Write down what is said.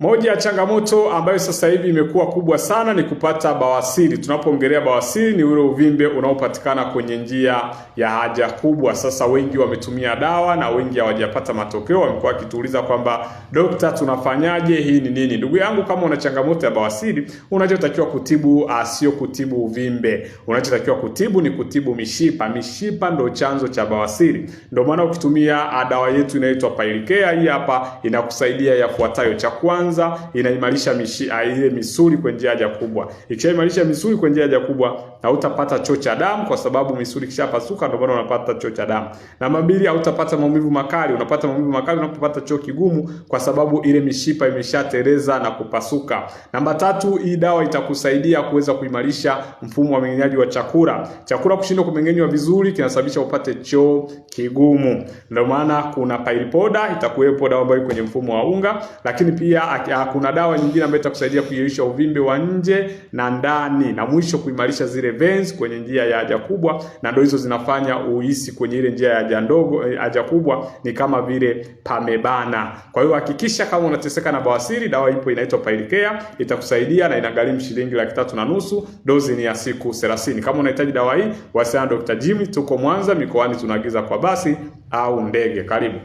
Moja ya changamoto ambayo sasa hivi imekuwa kubwa sana ni kupata bawasiri. Tunapoongelea bawasiri, ni ule uvimbe unaopatikana kwenye njia ya haja kubwa. Sasa wengi wametumia dawa na wengi hawajapata matokeo, wamekuwa wakituuliza kwamba dokta, tunafanyaje? Hii ni nini? Ndugu yangu, kama una changamoto ya bawasiri, unachotakiwa kutibu ah, sio kutibu uvimbe, unachotakiwa kutibu ni kutibu mishipa. Mishipa ndo chanzo cha bawasiri. Ndio maana ukitumia ah, dawa yetu inaitwa Pailikea, hii hapa inakusaidia yafuatayo. Cha kwanza kwanza inaimarisha ah, ile misuli kwa njia haja kubwa. Ikishaimarisha misuli kwa njia haja kubwa, hautapata choo cha damu kwa sababu misuli kishapasuka, ndio maana unapata choo cha damu. Namba mbili, hautapata maumivu makali. Unapata maumivu makali unapopata choo kigumu, kwa sababu ile mishipa imeshateleza na kupasuka. Namba tatu, hii dawa itakusaidia kuweza kuimarisha mfumo wa mmeng'enyaji wa chakula. Chakula kushindwa kumeng'enywa vizuri kinasababisha upate choo kigumu, ndio maana kuna pili poda itakuwepo, dawa ambayo kwenye mfumo wa unga, lakini pia Ah, kuna dawa nyingine ambayo itakusaidia kuyeyusha uvimbe wa nje na ndani, na mwisho kuimarisha zile veins kwenye njia ya haja kubwa, na ndio hizo zinafanya uhisi kwenye ile njia ya haja ndogo, eh, haja kubwa ni kama vile pamebana. Kwa hiyo hakikisha kama unateseka na bawasiri, dawa ipo inaitwa pailikea itakusaidia na inagharimu shilingi laki tatu na nusu. Dozi ni ya siku 30. Kama unahitaji dawa hii, wasiliana na Dr. Jimmy, tuko Mwanza mikoani, tunaagiza kwa basi au ndege. Karibu.